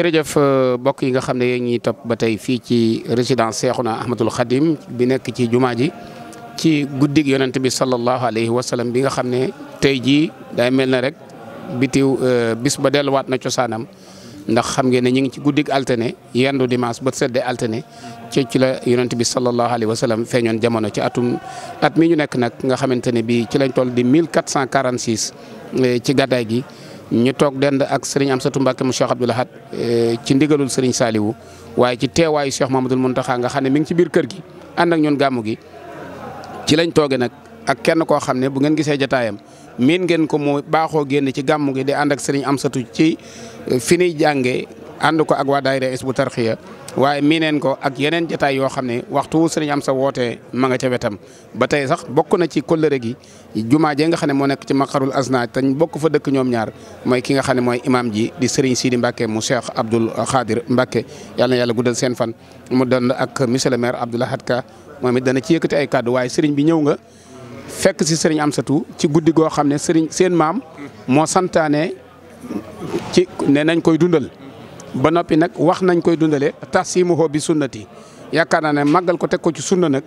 jërëjëf euh, mbokk yi nga xam ne yéen ñiy top ba tey fii ci résidence Seexuna Ahmadul Xadim bi nekk ci jumaa ji ci guddig yonent bi sallallahu alayhi wa sallam bi nga xam ne tey jii day mel na rek bitiw euh, bis ba delluwaat na cosaanam ndax xam ngeen ne ñu ngi ci guddig altene yendu dimanche ba sedde altine ci ci la yonent bi sallallahu alayhi wa sallam feeñoon jamono ci atum at mi ñu nekk nag nga xamante ne bii ci lañ toll di 1446 eh, ci gàddaay gi. ñu toog dend ak sëriñ Amsatu Mbàkke mu Cheikh Abdoul Ahad eh, ci ndigalul sëriñ Saliou waaye ci teewaayu Cheikh Mamadou Mountakha nga xam ne mi ngi ci biir kër gi ànd ak ñun gàmmu gi ci lañ toogee nag ak kenn koo xam ne bu ngeen gisee jataayam miin ngeen ko mu baaxoo génn ci gàmmu gi di ànd ak sëriñ Amsatu ci eh, fi ñuy jàngee ànd ko ak waa daayira Hizbut Tarqiyyah waaye miineen ko ak yeneen jetaay yoo xam ne waxtu sëriñ am sa wootee ma nga ca wetam ba tey sax bokk na ci kóllëre gi jumaa jee nga xam ne moo nekk ci maqarul asna te tañ bokk fa dëkk ñoom ñaar mooy ki nga xam ne mooy imaam ji di sëriñ Sidi Mbacke mu Cheikh Abdoul Khadir Mbacke yàlla na yàlla guddal seen fan mu doon ak monsieur le maire Abdoul Ahad moom it dana ci yëkkati ay kàddu waaye sëriñ bi ñëw nga fekk si sëriñ Amsatou ci guddi goo xam ne sëriñ seen maam moo santaane ci ne nañ koy dundal ba noppi nag wax nañ koy dundale tasimuhu bi sunnati yaakaar naa ne màggal ko teg ko ci sunna nag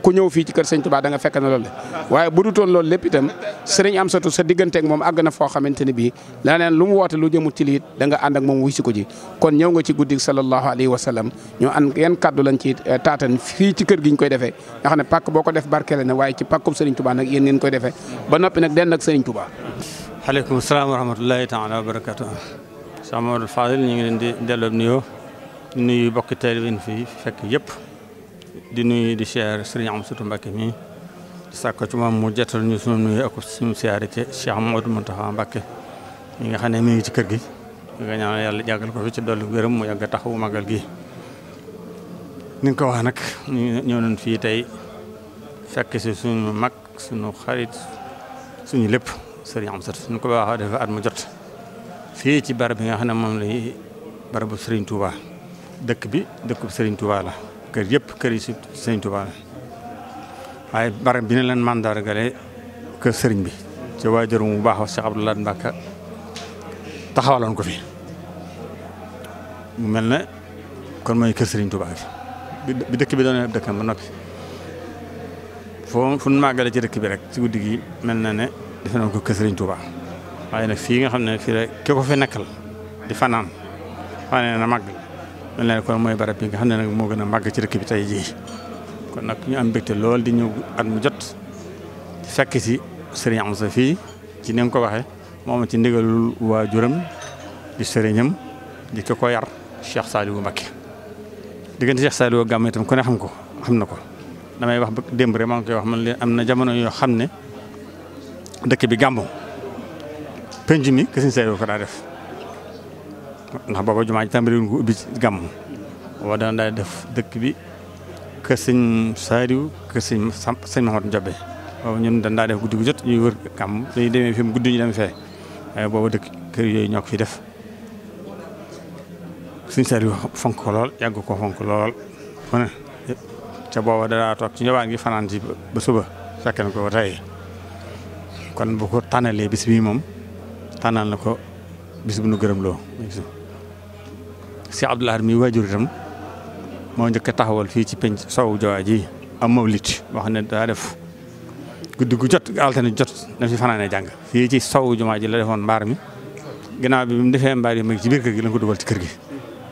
ku ñëw fii ci kër sëñ tubaa da nga fekk na loolu waaye bu dutoon loolu lépp itam sëriñ am sa digganteeg moom àgg na foo xamante ne bii la neen lu mu woote lu jëmu ci liit da nga ànd moom wuy si ko ji kon ñëw nga ci guddi sa sallallahu alayhi wa sallam ñu an yan kàddu lañ ci eh, taatan fii ci kër gi ñu koy defee nga xam ne pàkk boo ko def barkeele na waaye ci pàkkub sëriñ Tuubaa nag yéen ngeen koy defee ba noppi nag den nag sëriñ Tuubaa aleykum salaam wa rahmatullahi taala wa barakatuh Cheikh Mamadou Fadil ñu ngi leen di delloo nuyoo di nuyu bokki taalibe yi fi fekk yëpp di nuy di siyaare Sëriñ Amsatu Mbàkke mi di sàkko ci moom mu jotal ñu sunu nuyu ak suñu siyaare ci Cheikh Mamadou Muntaxa Mbàkke ñi nga xam ne mi ngi ci kër gi nga ñaan yàlla jàggal ko fi ci dolli gërëm mu yàgg taxawu magal gi ni ko wax nag ñu ñëw nañ fii tey fekk si suñu mag sunu xarit suñu lépp Sëriñ Amsatu suñu ko baaxoo defee at mu jot fii ci barab bi nga xam ne moom lay barabu Serigne Touba dëkk bi dëkku sëriñ Touba la kër yépp kër yi si Serigne la waaye barab bi ne leen mandargale kër sëriñ bi ci waajuram bu baax Cheikh Abdou Lahad Mbacké taxawaloon ko fi mu mel ne kon mooy kër Serigne Touba bi bi dëkk bi doon dëkkam ba noppi foo fu nu màggale ci dëkk bi rek ci guddi gi mel na ne defe ko kër Serigne Touba. waaye nag fii nga xam ne fii la ki ko nekkal di fanaan fanaan na màgg mel na kon mooy bara bi nga xam ne nag moo gën a màgg ci dëkk bi tey jii kon nag ñu am mbégte lool di ñëw jot fekk si sëriñ fii ci ni ko waxee moom ci ndigalul waajuram di sëriñam di ko ko yar Cheikh Saliou Mbacké diggante Cheikh Saliou gàmm itam ku ne xam ko xam na ko damay wax démb rek maa ngi koy wax man leen am na jamono yoo xam ne dëkk bi gàmmu penc mi ke sëñ Saliou ko daa def ndax booba daa def dëkk bi ke sëñ Saliou ke sëñ sëñ daa def guddi ñu dem fee waaye booba dëkk kër yooyu ñoo ko fi def sëñ Saliou fonk ko lool yàgg ko fonk lool fu ca booba danaa toog ci njabaan ngi fanaan ci ba suba fekk na ko ba tey kon bu ko tànnalee bis bii moom tànnal na ko bis bu nu gërëm loo si Abdoul Ahad mi waajur itam moo njëkk a taxawal fii ci penc sowu jawaa ji am mawlit wax ne daa def guddi gu jot altine jot na fi fanaanee jàng fii ci sowu jumaa ji la defoon mbaar mi ginnaaw bi mu defee mbaar yi mag ci biir kër gi la ko dugal ci kër gi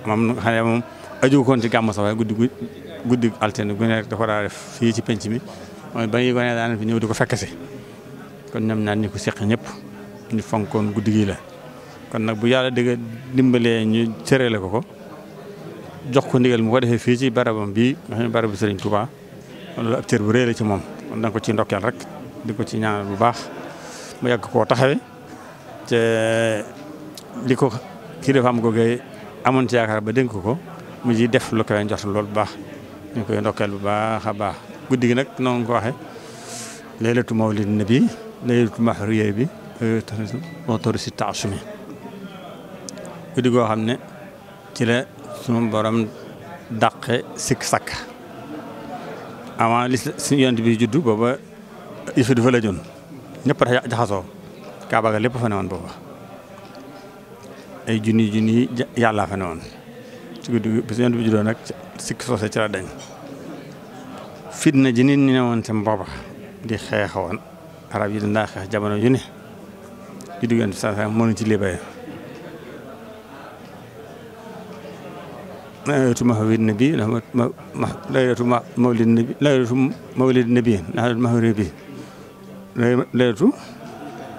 moom xam aju koon ci gàmm sax waaye guddi gu guddi altine gu ne rek dafa daa def fii ci penc mi mooy ba ñuy gone daan fi ñëw di ko fekk si kon ñoom ñaan ñi ko seq ñëpp ñu fonkoon guddi gi la kon nag bu yàlla digg dimbalee ñu cërale ko ko jox ko ndigal mu ko defee fii ci barabam bii nga xam ne barabu Serigne Touba loolu ab cër bu rëy la ci moom kon da nga ko ci ndokkeel di ko ci ñaanal bu baax mu yàgg koo taxawee te li ko kilifaam amoon ci yaakaar ba dénk ko mu ji def lu koy njort loolu bu baax ñu koy ndokkeel bu baax a baax guddi gi nag noonu ko waxee laylatu mawlid nabi laylatu mahriya bi autorité taasumi guddi goo xam ne ci la sunu borom dàqe sikk sakk avant li bi juddu booba yëfi du fa joon ñëpp dafa jaxasoo kaaba ga lépp fa woon booba ay junni junni yàllaa fa woon sikk soose ci la dañ fitna ji nit ñi woon tam booba di xeexoon arab yi dañ daa xeex jamono ju ne juddu yonent bi saa saa moo ñu ci léebaay laylatu mahawir nabi laylatu mawlid nabi laylatu mawlid nabi laylatu mahawir nabi laylatu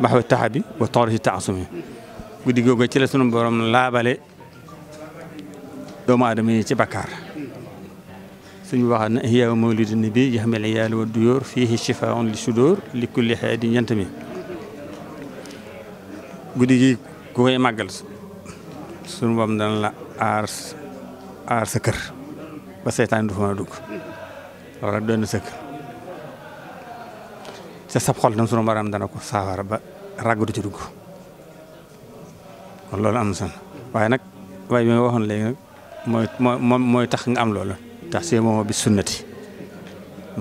mahawir taxabi wa toxri si taxasumi guddi googu ci la sunu borom laabale doomu aadama yi ci bakkaar suñu waxaat ne ihyaa mawlid nabi yaxmel iyaal wa duyoor fiihi shifaun li sudoor li kulli xeetin yantami guddi gi ku koy màggal suñu boom dana la aar aar sa kër ba seytaan du fa mën a dugg wala doon na sa sa sab xol tam sunu baram dana ko saafara ba ràgg du ci dugg kon loolu am na solo waaye nag waaye bi ma waxoon léegi nag moom mooy mooy tax nga am loolu tax see moom bi sunnati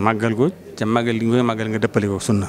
màggal ko ca màggal gi nga koy màggal nga dëppale ko sunna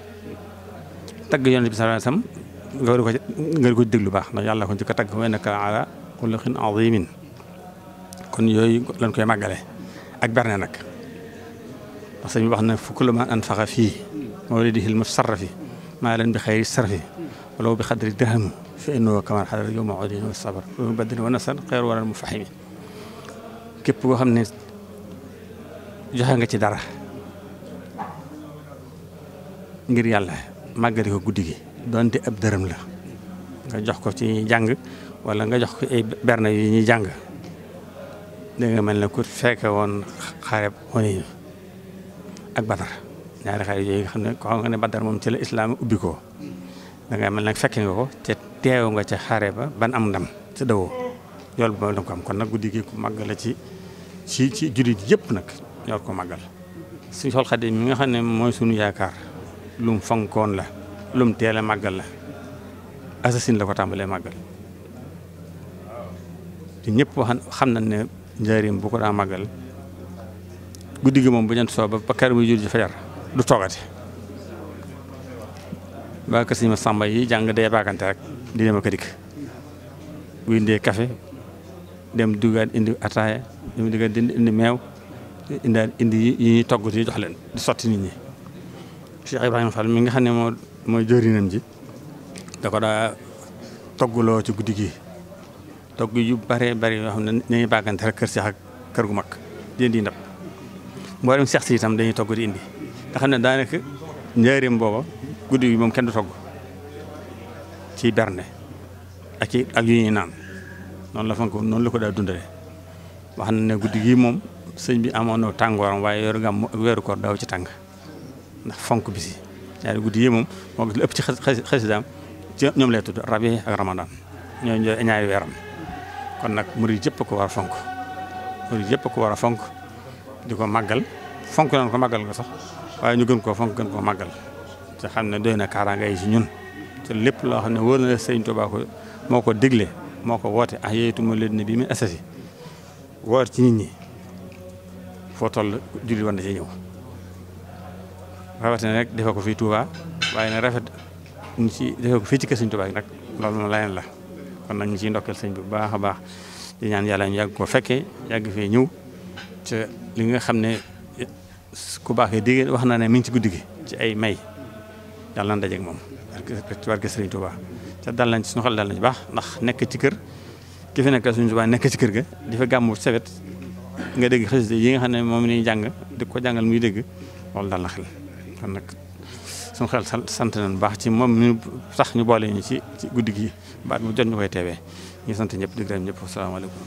tagg yonent bi sallallahu alayhi wasallam nga war ko nga baax ndax yàlla ko njëkk a tagg wa innaka ala xuluqin azimin kon yooyu lañ koy màggale ak berne nag parce que ñu wax na fa kullu man anfaqa fii mawlidihi al-musarrafi maalan bi xayri sarfi walaw bi xadri dirham fa innahu kamaa xadara yawma udin wa sabar wa badrin wa nasar xayru waral mufahimin képp koo xam ne joxe nga ci dara ngir yàlla màggale ko guddi gi donte ab dërëm la nga jox ko ci ñuy jàng wala nga jox ko ay berne yu ñuy jàng da nga mel ne ku fekke woon xareb Hunayn ak Badar ñaari xare yooyu nga xam ne ko xam nga ne Badar ci la mel nag fekke nga teew nga ca xare ba ban am ndam te dawoo yool ba ko am kon nag guddi gi ku màgg la ci ci ci jullit yëpp nag ñor ko màggal suñu Xadim mi nga xam ne mooy suñu yaakaar lu mu la lu mu teel a màggal la assasin la ko tàmbalee màggal te ñëpp xam nañ ne njaarim bu ko daa màggal guddi gi moom bu jant soo ba ba kër muy jur ji fajar du toogati ba kër ma sàmba yi jàng dee baagante rek di dem ak dikk bu indee café dem duggaat indi ataaya dem duggaat indi meew indaat indi yi ñuy togg di jox leen di sotti nit ñi Cheikh Ibrahima Fall mi nga xam ne moo mooy jëriñam ji da ko daa toggloo ci guddi gi togg yu bare bare yoo xam ne ñu ngi bàggante rek kër Cheikh ak kër gu mag di indi ndab mboolem Cheikh si itam dañuy togg di indi nga xam ne daanaka njëriñam booba guddi gi moom kenn du togg ci berne ak ak yu ñuy naan noon la fanko noonu la ko daa dundale wax na ne guddi gi moom sëñ bi amoon na tàngooram waaye weeru gàmm weeru koor daaw ci tàng ndax fonk bi si ñaari guddi yi moom moo gis lu ëpp ci xasidaam ci ñoom lay tudd rabi ak ramadan ñoo ñooy ñaari weeram kon nag murid yëpp ko war a fonk murid yëpp ko war a fonk di ko màggal fonk naan ko màggal nga sax waaye ñu gën koo fonk gën ko màggal te xam ne doy na kaaraanga yi si ñun te lépp loo xam ne wóor na la sëñ Tuubaa moo ko dégle moo ko woote ah yooytu ma leen ne bii muy asasi woor ci nit ñi foo toll julli war na ci ñëw rawatina nag defe ko fii Touba waaye nag rafet ñu ci defe ko fii ci kër Sëñ Touba loolu moom leneen la kon nag ñu ciy ndokkeel sëñ bi bu baax a baax di ñaan yàlla ñu yàgg ko fekkee yàgg fee ñëw te li nga xam ne ku baaxee wax na ne mi ngi ci guddi gi ci ay may yàlla na dajeeg moom barke Sëriñ Touba te dal nañ ci suñu xel dal baax ndax nekk ci kër ki fi nekk suñu nekk ci kër ga di fa gàmmu sewet nga dégg xasida yi nga xam ne moom la jàng di ko jàngal muy dégg loolu dal na xel kon nag suñu xel sant nu baax ci moom mi sax ñu boolee ñu ci guddi gi baat mu jot ñu koy teewee ñu sant ñëpp di gërëm ñëpp asalaamaaleykum